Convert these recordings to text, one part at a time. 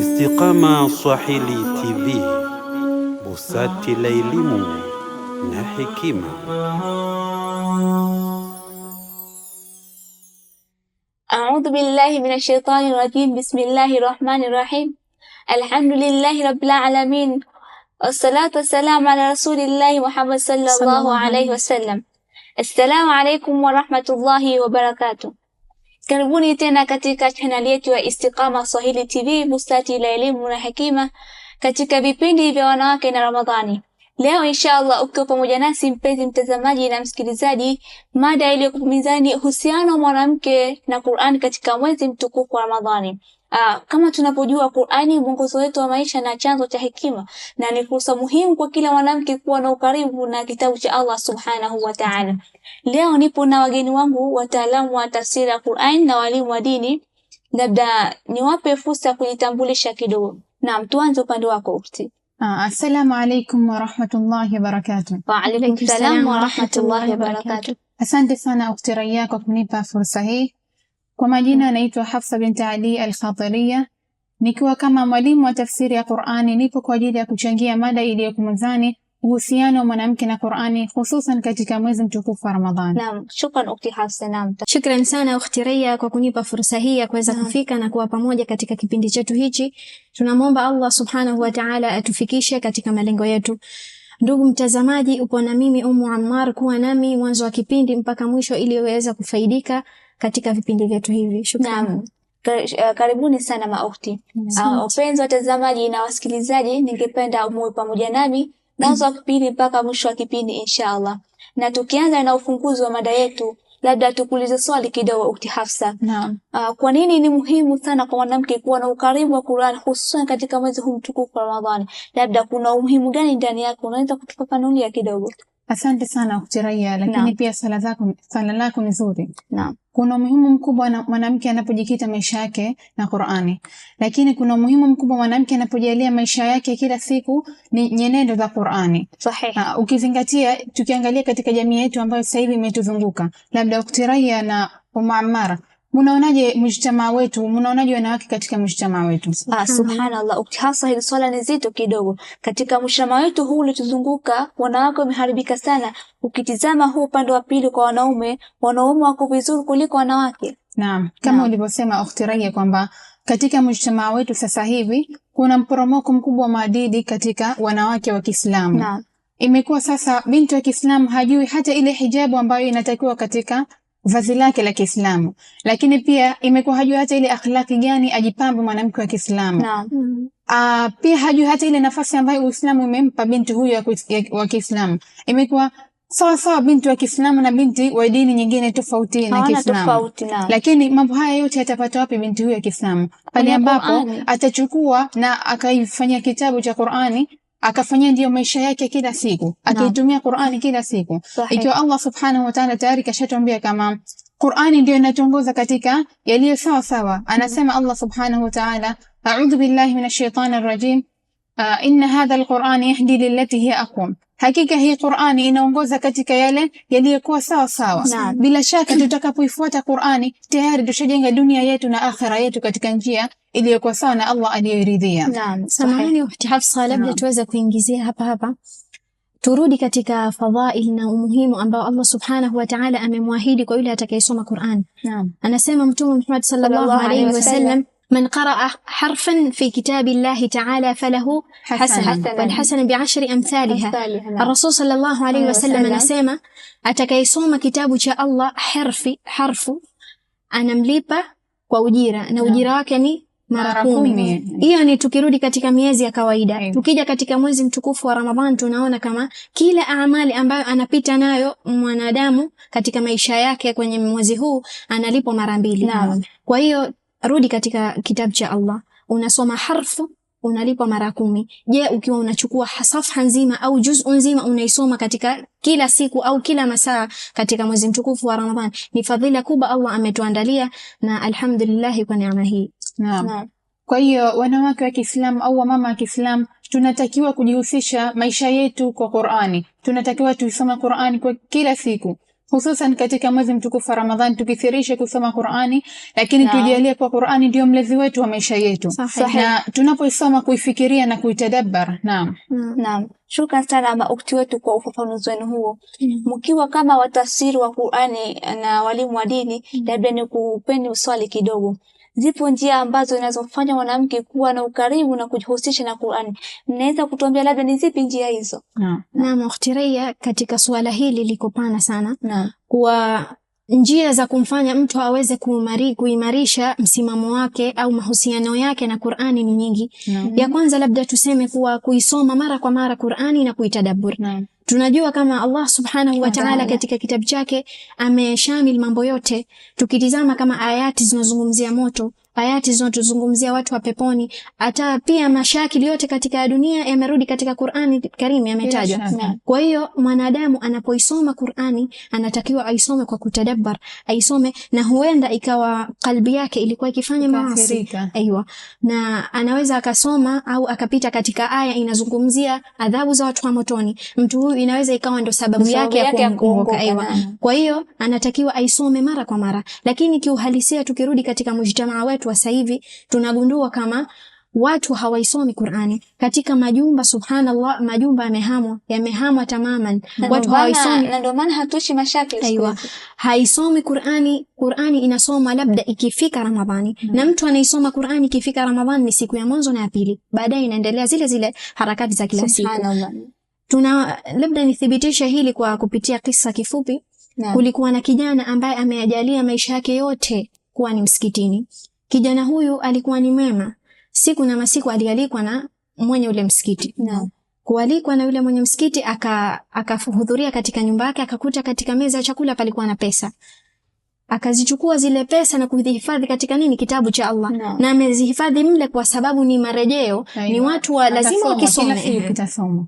Istiqama Swahili TV, busati la elimu na hekima. A'udhu billahi minash shaitani rajim. Bismillahir rahmanir rahim. Alhamdulillahi rabbil alamin. Wassalatu wassalamu ala rasulillahi Muhammad sallallahu alaihi wasallam. Assalamu alaikum warahmatullahi wabarakatuh. Karibuni tena katika chaneli yetu ya Istiqama Swahili TV, Bustani la Elimu na Hekima, katika vipindi vya wanawake na Ramadhani. Leo insha allah ukiwa pamoja nasi mpenzi mtazamaji na msikilizaji, mada iliyokupumizani uhusiano wa mwanamke na Qur'an katika mwezi mtukufu wa Ramadhani. Aa, ah, kama tunapojua Qur'ani mwongozo wetu wa maisha na chanzo cha hekima, na ni fursa muhimu kwa kila mwanamke kuwa na ukaribu na kitabu cha Allah Subhanahu wa Ta'ala. Leo nipo na wageni wangu wataalamu wa tafsiri ya Qur'ani na walimu wa dini, labda niwape fursa ya kujitambulisha kidogo. Naam, tuanze upande wako ukti. Ah, assalamu alaikum warahmatullahi wabarakatuh. Wa alaikum salaam warahmatullahi wabarakatuh. Asante sana ukti Raia kwa kunipa fursa hii. Kwa majina anaitwa Hafsa binti Ali Al-Khatiria, nikiwa kama mwalimu wa tafsiri ya Qur'ani, nipo kwa ajili ya kuchangia mada iliyoko mezani, uhusiano wa mwanamke na Qur'ani, hususan katika mwezi mtukufu wa Ramadhani. Naam, shukran ukti Hafsa. Naam, shukran sana ukti Ria kwa kunipa fursa hii ya kuweza kufika na kuwa pamoja katika kipindi chetu hichi. Tunamwomba Allah subhanahu wa ta'ala atufikishe katika malengo yetu. Ndugu mtazamaji, upo na mimi Umu Ammar, kuwa nami mwanzo wa kipindi mpaka mwisho ili uweze kufaidika katika vipindi vyetu hivi. shukran eh, Karibuni sana maukti, ah, wapenzi watazamaji na wasikilizaji, ningependa muwe pamoja nami mwanzo wa kipindi mpaka mwisho wa kipindi inshaallah. Na tukianza na ufunguzi wa mada yetu, labda tukulize swali kidogo ukti Hafsa. Uh, kwa nini ni muhimu sana kwa mwanamke kuwa na ukarimu wa Qur'an hususan katika mwezi huu mtukufu wa Ramadhani? Labda kuna umuhimu gani ndani yake? Unaweza kutufafanulia kidogo? Asante sana Ukhtiraya, lakini pia sala zako lako ni Kuna umuhimu mkubwa mwanamke anapojikita maisha yake na Qur'ani, lakini kuna umuhimu mkubwa mwanamke anapojalia maisha yake kila siku ni nyenendo za Qur'ani. Sahihi. Ah, ukizingatia, tukiangalia katika jamii yetu ambayo sasa hivi imetuzunguka, labda Ukhtiraya na Umamara Munaonaje mujtamaa wetu, munaonaje wanawake katika mujtamaa wetu? Ah, subhanallah, ukihasa hili swala ni zito kidogo. Katika mujtamaa wetu huu ulituzunguka, wanawake wameharibika sana. Ukitizama huu upande wa pili kwa wanaume, wanaume wako vizuri kuliko wanawake. Naam, kama ulivyosema Ukhti Raya kwamba katika mujtamaa wetu sasa hivi kuna mporomoko mkubwa wa maadili katika wanawake wa Kiislamu. Naam. Imekuwa sasa binti wa Kiislamu hajui hata ile hijabu ambayo inatakiwa katika vazi lake la Kiislamu, lakini pia imekuwa hajui hata ile akhlaki gani ajipambe mwanamke wa Kiislamu. Uh, pia hajui hata ile nafasi ambayo Uislamu umempa binti huyo wa Kiislamu. Imekuwa sawa sawa binti wa Kiislamu na binti wa dini nyingine tofauti na Kiislamu, lakini mambo haya yote atapata wapi binti huyo wa Kiislamu? Pale ambapo atachukua na akaifanyia kitabu cha Qur'ani akafanyia ndio maisha yake kila siku, akiitumia Qur'ani kila siku, ikiwa Allah subhanahu wa ta'ala tayari kashatuambia kama Qur'ani ndio inatongoza katika yaliyo sawa sawa. Anasema Allah subhanahu wa ta'ala, a'udhu billahi minash shaitani rrajim inna hadha alquran yahdi lillati hiya aqwam, hakika hii Qurani inaongoza katika yale yaliyokuwa sawa sawa. Bila shaka tutakapoifuata Qurani tayari tushajenga dunia yetu na akhira yetu katika njia iliyokuwa sawa na Allah aliyoiridhia. samahani Ukhti Hafsa, labda tuweze kuingizia hapa hapa turudi katika fadhail na umuhimu ambao Allah subhanahu wa ta'ala amemwahidi kwa yule atakayesoma Qur'an. Anasema Mtume Muhammad sallallahu alayhi wasallam من قرأ حرفا في كتاب الله تعالى فله حسن, حسن والحسن بعشر أمثالها أمثالها. الرسول صلى الله عليه wasallam anasema atakayesoma kitabu cha Allah harfi harfu anamlipa kwa ujira na ujira wake ni mara kumi. Hiyo ni tukirudi katika miezi ya kawaida Ayu. Tukija katika mwezi mtukufu wa Ramadhan tunaona kama kila amali ambayo anapita nayo mwanadamu katika maisha yake kwenye mwezi huu analipwa mara mbili. Kwa hiyo Rudi katika kitabu cha Allah, unasoma harfu unalipwa mara kumi. Je, ukiwa unachukua safha nzima au juzu nzima unaisoma katika kila siku au kila masaa katika mwezi mtukufu wa Ramadhani, ni fadhila kubwa Allah ametuandalia, na alhamdulillah kwa neema hii. Naam. Kwa hiyo wanawake wa Kiislamu au wamama wa Kiislamu tunatakiwa kujihusisha maisha yetu kwa Qur'ani, tunatakiwa tuisome Qur'ani kwa kila siku hususan katika mwezi mtukufu wa Ramadhani tukithirishe kusoma Qur'ani, lakini no. tujalie kwa Qur'ani ndio mlezi wetu wa maisha yetu na tunapoisoma kuifikiria na kuitadabara Naam, naam. Shukran sana maukti wetu kwa ufafanuzi wenu huo. Mkiwa kama watafsiri wa Qur'ani na walimu wa dini, labda ni kupeni uswali kidogo zipo njia ambazo zinazofanya mwanamke kuwa na ukaribu na kujihusisha na Qur'ani. Mnaweza kutuambia labda ni zipi njia hizo? Naam, naam katika suala hili liko pana sana na kuwa njia za kumfanya mtu aweze kuimari, kuimarisha msimamo wake au mahusiano yake na Qur'ani ni nyingi. Ya kwanza labda tuseme kuwa kuisoma mara kwa mara Qur'ani na kuitadaburi. Naam. Tunajua kama Allah subhanahu wa ta'ala katika kitabu chake ameshamil mambo yote. Tukitizama kama ayati zinazungumzia moto ayati zinatuzungumzia watu wa peponi, hata pia mashakili yote katika dunia yamerudi katika Qur'ani Karim yametajwa. Kwa hiyo mwanadamu anapoisoma Qur'ani anatakiwa aisome kwa kutadabbar, aisome na huenda ikawa kalbi yake ilikuwa ikifanya maasi. Aiywa. Na anaweza akasoma au akapita katika aya inazungumzia adhabu za watu wa motoni. Mtu huyu inaweza ikawa ndo sababu yake ya kuongoka. Aiywa. Kwa hiyo anatakiwa aisome mara kwa mara. Lakini kiuhalisia tukirudi katika mujtamaa wetu watu wa sasa hivi tunagundua kama watu hawaisomi Qur'ani katika majumba. Subhanallah, majumba yamehamwa yamehamwa tamaman, watu hawaisomi, na ndio maana hatuishi mashakil. Aiywa, haisomi Qur'ani. Qur'ani inasoma labda ikifika Ramadhani -hmm. na mtu anaisoma Qur'ani ikifika Ramadhani ni siku ya mwanzo na ya pili, baadaye inaendelea zile zile harakati za kila siku. Tuna labda nithibitisha hili kwa kupitia kisa kifupi na. Kulikuwa na kijana ambaye ameyajalia maisha yake yote kuwa ni msikitini Kijana huyu alikuwa ni mema Siku na masiku alialikwa na mwenye ule msikiti no. Kualikwa na yule mwenye msikiti, akahudhuria aka katika nyumba yake, akakuta katika meza ya chakula palikuwa na pesa akazichukua zile pesa na kuzihifadhi katika nini, kitabu cha Allah no. na amezihifadhi mle kwa sababu ni marejeo Aina. ni watu wa lazima wakisome.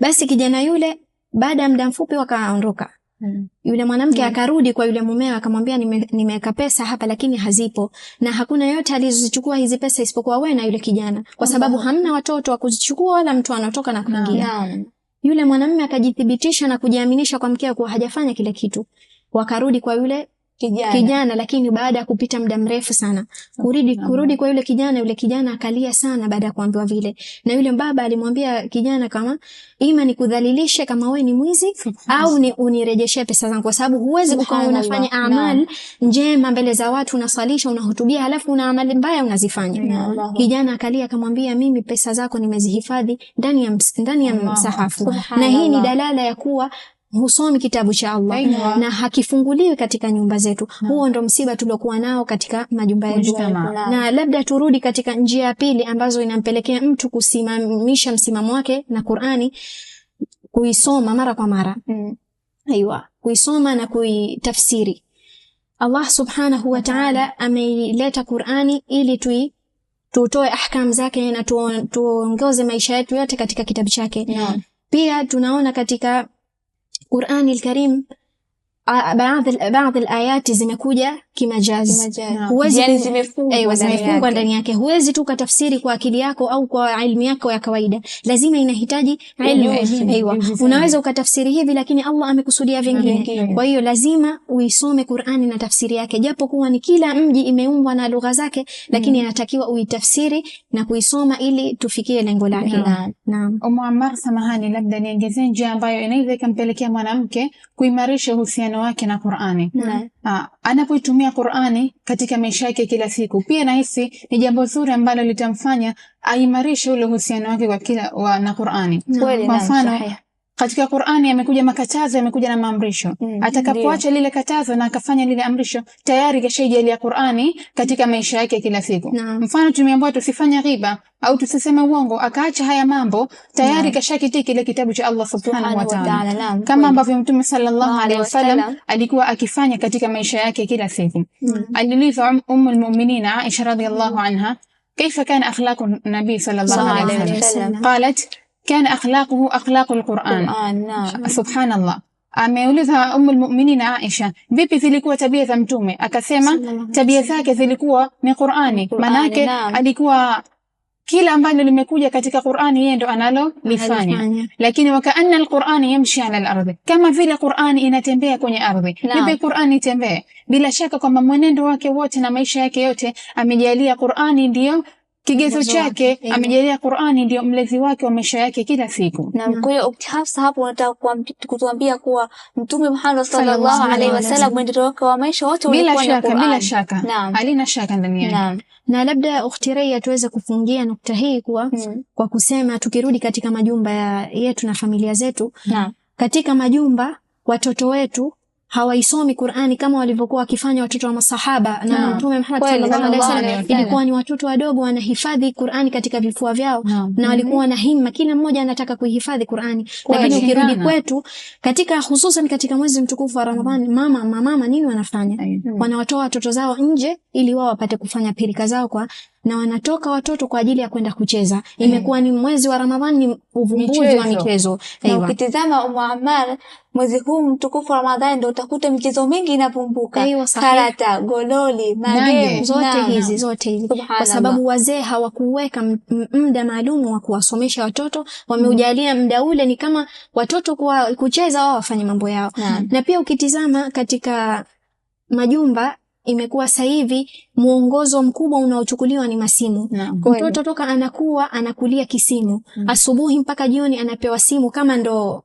Basi kijana yule baada ya muda mfupi wakaondoka Mm. Yule mwanamke mm. akarudi kwa yule mumewe akamwambia, nimeweka nime pesa hapa lakini hazipo na hakuna yote alizozichukua hizi pesa isipokuwa wewe na yule kijana, kwa mm. sababu hamna watoto wa kuzichukua wala mtu anatoka na kuingia. No, no. Yule mwanamume akajithibitisha na kujiaminisha kwa mkeo kuwa hajafanya kile kitu. Wakarudi kwa yule kijana, kijana lakini baada ya kupita muda mrefu sana kurudi kurudi kwa yule kijana. Yule kijana akalia sana baada ya kuambiwa vile, na yule baba alimwambia kijana kama ima ni kudhalilishe kama wewe ni mwizi au ni unirejeshe pesa zangu, kwa sababu huwezi ukawa unafanya amal njema mbele za watu, unasalisha, unahutubia, halafu una amali mbaya unazifanya. Kijana akalia akamwambia, mimi pesa zako nimezihifadhi ndani ya ndani ya msahafu, na hii ni dalala ya kuwa husomi kitabu cha Allah Aina. na hakifunguliwi katika nyumba zetu. na. Hmm. Huo ndo msiba tuliokuwa nao katika majumba yetu, na Na labda turudi katika njia ya pili ambazo inampelekea mtu kusimamisha msimamo wake na Qur'ani, kuisoma mara kwa mara mm. Aiwa, kuisoma na kuitafsiri. Allah subhanahu wa ta'ala ameileta Qur'ani ili tui tutoe ahkam zake na tuongoze maisha yetu yote katika kitabu chake. Hmm. Pia tunaona katika القرآن الكريم baadhi baadhi alayati zimekuja kimajazi, huwezi yani zimefungwa eh, zimefungwa ndani yake. Huwezi tu katafsiri kwa akili yako au kwa ilmu yako ya kawaida, lazima inahitaji ilmu. Aiwa, unaweza ukatafsiri hivi, lakini Allah amekusudia vingine. Kwa hiyo lazima uisome Qur'ani na tafsiri yake, japo kuwa ni kila mji imeumbwa na lugha zake, lakini hmm. inatakiwa uitafsiri na kuisoma ili tufikie lengo lake. Naam, Umu samahani, labda niongezee njia ambayo inaweza ikampelekea mwanamke kuimarisha uhusiano uhusiano wake na Qur'ani. Mm. anapoitumia Qur'ani katika maisha yake kila siku, pia nahisi ni jambo zuri ambalo litamfanya aimarishe ule uhusiano wake kwa kila wa, na Qur'ani. Kwa mfano katika Qur'ani yamekuja makatazo, yamekuja na maamrisho. Mm, atakapoacha lile katazo na akafanya lile amrisho, tayari kashaijalia Qur'ani katika maisha yake kila siku. No. Mfano tumeambiwa tusifanye ghiba au tusiseme uongo, akaacha haya mambo tayari no. kashakiti kile kitabu cha Allah Subhanahu wa Ta'ala, kama ambavyo Mtume sallallahu alaihi wasallam alikuwa akifanya katika maisha yake kila siku. Mm. Aliuliza um, Ummul Mu'minin Aisha radhiyallahu anha, kaifa kana akhlaqu nabii sallallahu alaihi wasallam? Qalat كان أخلاقه أخلاق القرآن آه نعم. Subhan Allah ameuliza Ummul Mu'minin Aisha, vipi zilikuwa tabia za Mtume? Akasema tabia zake zilikuwa ni Qur'ani, manake alikuwa kila ambalo limekuja katika Qur'ani yeye ndo analolifanya, lakini wakaanna alqur'ani yamshi ala al-ardhi, kama vile Qur'ani inatembea kwenye ardhi. Vipi Qur'ani itembee? Bila shaka kwamba mwenendo wake wote na maisha yake yote amejalia Qur'ani ndiyo Kigezo chake amejalia Qur'ani ndio mlezi wake wa maisha yake kila siku. Na kwa hiyo Hafsa hapo anataka kutuambia kuwa Mtume Muhammad sallallahu alaihi wasallam mwendeleo wake wa maisha wote ulikuwa ni Qur'ani. Bila shaka, halina shaka ndani yake. Na labda ukhti Raya tuweze kufungia nukta hii kuwa hmm. kwa kusema tukirudi katika majumba yetu na familia zetu, katika majumba watoto wetu hawaisomi Qur'ani kama walivyokuwa wakifanya watoto wa masahaba na no. Mtume Muhammad sallallahu alaihi wasallam, ilikuwa ni watoto wadogo wanahifadhi Qur'ani katika vifua vyao no. na walikuwa na himma, kila mmoja anataka kuihifadhi Qur'ani. Lakini ukirudi kwetu, katika hususan katika mwezi mtukufu wa Ramadhani, mama mama nini wanafanya? Wanawatoa watoto zao nje ili wao wapate kufanya pilika zao kwa na wanatoka watoto kwa ajili ya kwenda kucheza. Mm. Imekuwa ni mwezi wa Ramadhani, ni uvumbuzi wa michezo. Na ukitizama umm Muammar, mwezi huu mtukufu wa Ramadhani ndo utakuta michezo mingi inapumbuka, karata, gololi, zote hizi zote hizi, kwa sababu wazee hawakuweka mda maalum wa kuwasomesha watoto, wameujalia mda mm. ule ni kama watoto kucheza wao wafanye mambo yao na, na pia ukitizama katika majumba imekuwa sasa hivi mwongozo mkubwa unaochukuliwa ni masimu. Mtoto toka anakuwa anakulia kisimu, mm. asubuhi mpaka jioni anapewa simu kama ndo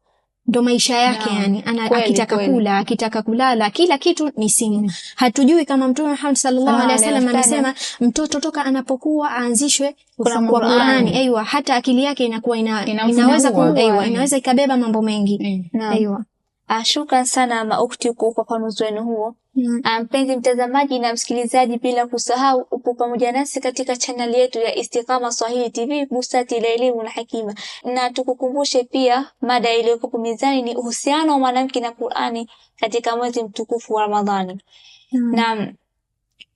ndo maisha yake yeah. Yani ana, kweli, akitaka kweli. kula akitaka kulala kila kitu ni simu mm. Hatujui kama Mtume Muhammad sallallahu alaihi wasallam anasema mtoto toka anapokuwa aanzishwe kwa Qur'ani, aiwa hata akili yake inakuwa ina, inaweza ku, aiwa inaweza ikabeba mambo mengi mm. aiwa. Ashukran ah, sana maukti kwa ufafanuzi wenu huo. Mm-hmm. Ah, mpenzi mtazamaji na msikilizaji, bila kusahau upo pamoja nasi katika chaneli yetu ya Istiqama Swahili TV, busati la elimu na hekima. Na tukukumbushe pia mada iliyokuwa mezani ni uhusiano wa mwanamke na Qur'ani katika mwezi mtukufu wa Ramadhani. Mm-hmm. Na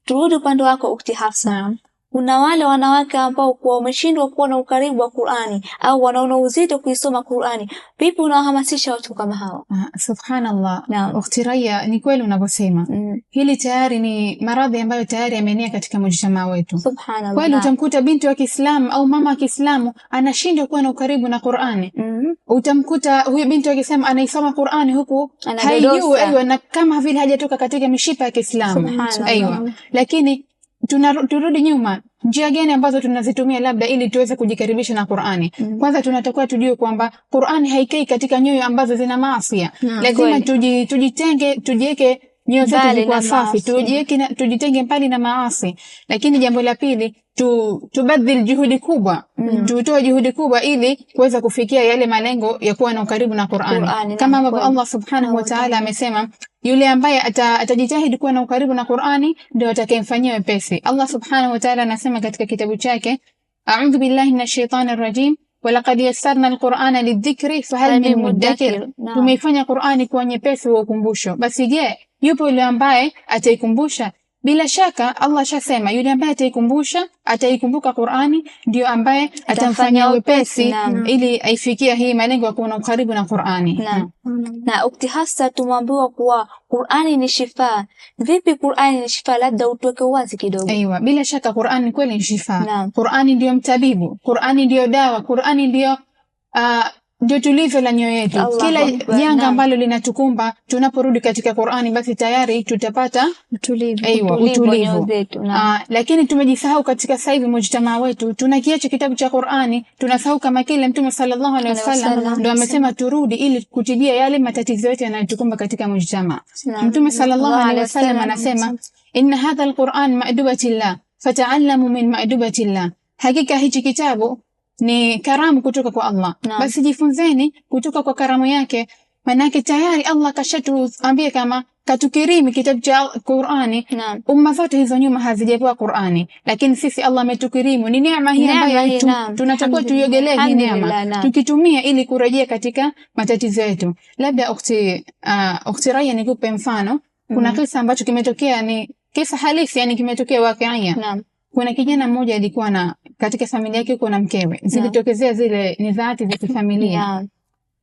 turudi upande wako ukti Hafsa. Kuna wale wanawake ambao kuwa wameshindwa kuona ukaribu wa Qur'ani au wanaona uzito kuisoma Qur'ani. Vipi unawahamasisha watu kama hao? Ah, subhanallah. Naam. Ukhti Raya, ni kweli unavyosema. Mm. Hili tayari ni maradhi ambayo tayari yameenea katika mujtamaa wetu. Subhanallah. Kweli utamkuta binti wa Kiislamu au mama wa Kiislamu anashindwa kuwa na ukaribu na Qur'ani. Mm. Utamkuta huyo binti wa Kiislamu anaisoma Qur'ani huku haijui, aiyo, na kama vile hajatoka katika mishipa ya Kiislamu. Aiyo. Lakini tuna, turudi nyuma, njia gani ambazo tunazitumia labda ili tuweze kujikaribisha na Qur'ani? mm. Kwanza tunatakiwa tujue kwamba Qur'ani haikai katika nyoyo ambazo zina maasi. Lazima tuji, tujitenge, tujieke nyoyo zetu zikuwa safi, tujiweke tujitenge mbali na maasi. Lakini jambo la pili tu, tubadhil juhudi kubwa mm. tutoe juhudi kubwa ili kuweza kufikia yale malengo ya kuwa na ukaribu na Qur'ani, kama ambavyo Allah subhanahu wa ta'ala amesema yule ambaye atajitahidi kuwa na ukaribu na Qur'ani ndio atakayemfanyia wepesi. Allah subhanahu wa ta'ala anasema katika kitabu chake, a'udhu billahi minash shaitani rajim walaqad yassarna alqur'ana lidhikri fahal min mudakkir, tumeifanya Qur'ani kuwa nyepesi wa ukumbusho. Basi je, yupo yule ambaye ataikumbusha? Bila shaka Allah shasema, yule ambaye ataikumbusha ataikumbuka Qur'ani ndio ambaye atamfanya wepesi ili aifikia hii malengo ya kuwa ukaribu na Qur'ani. Hmm. Na, ukti hasa tumwambiwa kuwa Qur'ani ni shifa. Vipi Qur'ani ni shifa? Labda utuweke wazi kidogo. Aiwa, bila shaka Qur'ani kweli ni shifa. Qur'ani ndio mtabibu, Qur'ani ndio dawa, Qur'ani ndio uh, ndio tulivyo la nyoyo yetu. Kila janga ambalo linatukumba tunaporudi katika Qur'ani, basi tayari tutapata utulivu, aiwa ah, lakini tumejisahau katika sasa mujtamaa wetu, tunakiacha kitabu cha Qur'ani, tunasahau kama kile Mtume sallallahu alaihi wasallam ndio amesema turudi ili kutibia yale matatizo yetu yanayotukumba katika mujtamaa. Mtume sallallahu alaihi wasallam anasema inna hadha alquran ma'dubati llah fata'allamu min ma'dubati llah, hakika hichi kitabu ni karamu kutoka kwa Allah no. Basi jifunzeni kutoka kwa karamu yake, manake tayari Allah kashatuambia kama katukirimi kitabu cha Qur'ani. no. Umma zote hizo nyuma hazijapewa Qur'ani, lakini sisi Allah ametukirimu. Ni neema hii ambayo tu, tunatakiwa tuiogelee hii neema, no. tukitumia ili kurejea katika matatizo yetu. Labda ukti, uh, ukti Raya, nikupe mfano. Kuna mm-hmm. kisa ambacho kimetokea, ni kisa halisi, yani kimetokea no kuna kijana mmoja alikuwa na katika familia yake kuna mkewe zilitokezea yeah. zile dhati za kifamilia yeah.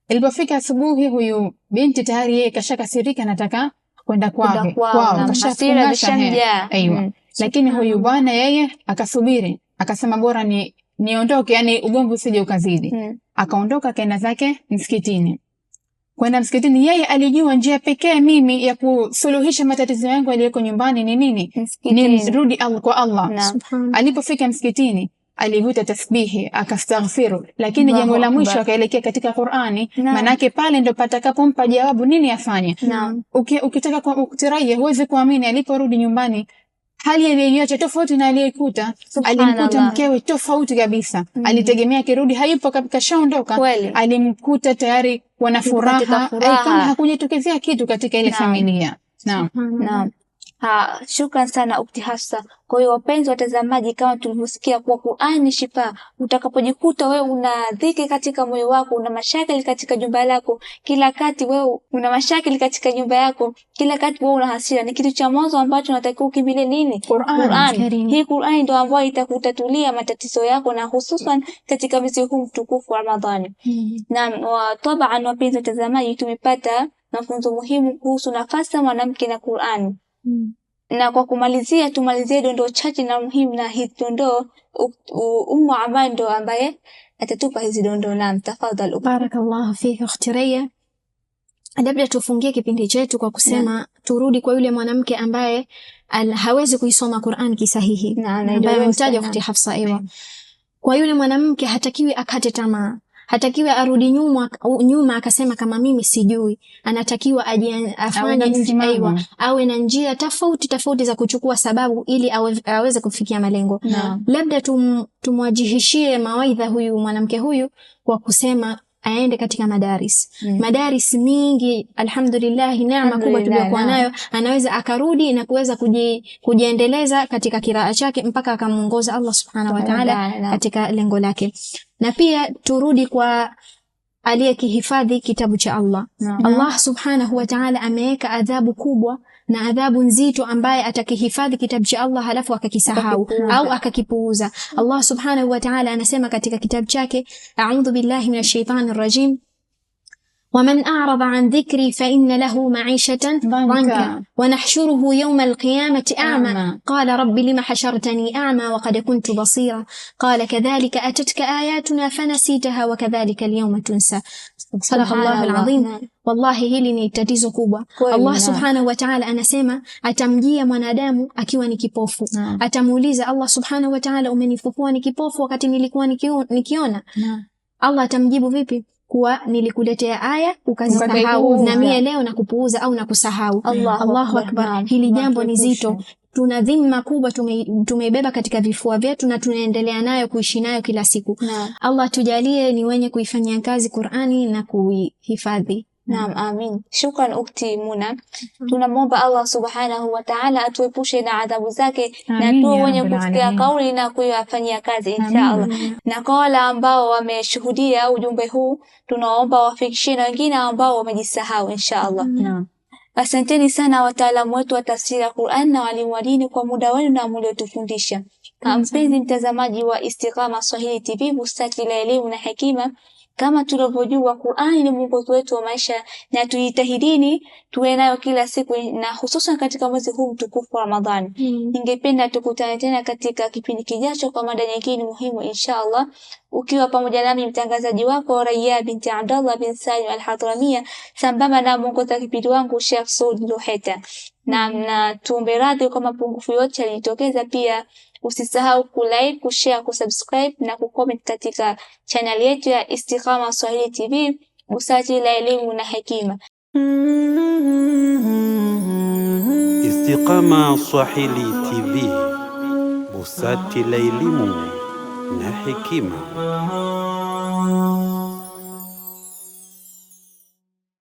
Ilipofika asubuhi, huyu binti tayari yeye kashakasirika, anataka kwenda kwao kwao, mm. Lakini huyu mm. bwana yeye akasubiri, akasema bora ni niondoke, yani ugomvi usije ukazidi mm. Akaondoka, akaenda zake msikitini kwenda msikitini. Yeye alijua njia pekee mimi ya kusuluhisha matatizo yangu yaliyoko nyumbani ni nini? Ni rudi al kwa Allah. Alipofika msikitini alivuta tasbihi akastaghfiru, lakini jambo la mwisho akaelekea katika Qur'ani. Manake pale ndo patakapompa jawabu nini afanye. Ukitaka ukitiraia, huwezi kuamini, aliporudi nyumbani hali aliyoiacha tofauti na aliyekuta. Alimkuta mkewe tofauti kabisa, mm. alitegemea akirudi hayupo, kashaondoka. Alimkuta tayari wana furaha eh, kama hakujitokezea kitu katika ile familia. Naam, naam. Ha, shukran sana Ukti Hafsa. Kwa hiyo wapenzi watazamaji, kama tulivyosikia kuwa Qurani shifa, utakapojikuta wewe una dhiki katika moyo wako, una mashakili katika jumba lako, kila kati wewe una mashakili katika nyumba yako, kila kati wewe una hasira, ni kitu cha mwanzo ambacho unatakiwa ukimbilie nini? Qur'an. Hii Qur'an ndio ambayo itakutatulia matatizo yako, na hususan katika mwezi huu mtukufu wa Ramadhani. Hmm. Naam, wa tabaan, wapenzi watazamaji, tumepata mafunzo muhimu kuhusu nafasi ya mwanamke na Qur'an. Hmm. Na kwa kumalizia, tumalizie dondoo chache na muhimu, na hizi dondoo umu Aman ndo ambaye atatupa hizi dondoo. nam tafadhal. Barakallahu fika ukhti raya Labda tufungie kipindi chetu kwa kusema na, turudi kwa yule mwanamke ambaye hawezi kuisoma Qur'an kisahihi, ambaye mtaja ukhti Hafsa. kwa yule mwanamke hatakiwi akate tamaa hatakiwe arudi nyuma, nyuma akasema kama mimi sijui. Anatakiwa afanye aiwa, awe na njia tofauti tofauti za kuchukua sababu ili awe, aweze kufikia malengo no. Labda tum, tumwajihishie mawaidha huyu mwanamke huyu kwa kusema aende katika madaris mm. Madaris mingi alhamdulillahi nema kubwa tuliokuwa nayo, anaweza akarudi na kuweza kujiendeleza katika kiraa chake mpaka akamuongoza Allah subhanahu wa ta'ala katika lengo lake. Na pia turudi kwa aliyekihifadhi kitabu cha Allah no. Allah subhanahu wa ta'ala ameweka adhabu kubwa na adhabu nzito ambaye atakihifadhi kitabu cha Allah halafu akakisahau au akakipuuza. Allah subhanahu wa ta'ala anasema katika kitabu chake, a'udhu billahi minash shaitani rajim ومن أعرض عن ذكري فإن له معيشة ضنكا ونحشره يوم القيامة أعمى, أعمى قال رب لم حشرتني أعمى وقد كنت بصيرا قال كذلك أتتك آياتنا فنسيتها وكذلك اليوم تنسى صدق الله الazim wallahi hili ni tatizo kubwa Kweli Allah na. subhanahu wa ta'ala anasema atamjia mwanadamu akiwa ni kipofu na. atamuuliza Allah subhanahu wa ta'ala umenifufua ni kipofu wakati nilikuwa nikiona na. Allah atamjibu vipi kuwa nilikuletea aya ukazisahau, na mie leo nakupuuza au nakusahau. Allahu, Allahu akbar! Hili jambo ni zito tuna dhima kubwa tumeibeba katika vifua vyetu na tunaendelea nayo kuishi nayo kila siku na. Allah tujalie ni wenye kuifanyia kazi Qur'ani na kuihifadhi. Naam, mm-hmm. amin. Shukran ukti Muna, mm-hmm. tunamwomba Allah subhanahu wa taala atuepushe na adhabu zake na tuwe wenye kusikia kauli na kuyafanyia kazi insha Allah. Na kwa wale ambao wameshuhudia ujumbe huu, tunaomba wafikishie na wengine ambao wamejisahau insha Allah. Asanteni sana wataalamu wetu wa tafsiri ya Qur'an na walimu wa dini kwa muda wenu na mliotufundisha. Mpenzi mtazamaji wa Istiqama Swahili TV, mustakili la elimu na hekima kama tulivyojua Qur'ani ni mwongozo wetu wa maisha, na tujitahidini tuwe nayo kila siku, na hususan katika mwezi huu mtukufu wa Ramadhani. Mm. Ningependa tukutane tena katika kipindi kijacho kwa mada nyingine muhimu inshallah, ukiwa pamoja nami mtangazaji wako Raiya binti Abdallah bin Salim Al-Hadramia, sambamba na wa kipindi wangu Sheikh Saud Luheta. Mm-hmm. na tuombe radhi kwa mapungufu yote yalijitokeza. Pia usisahau kulike, kushare, kusubscribe na kucomment katika chaneli yetu ya Istiqama Swahili TV, busati la elimu na hekima. Istiqama Swahili TV, busati la elimu na hekima.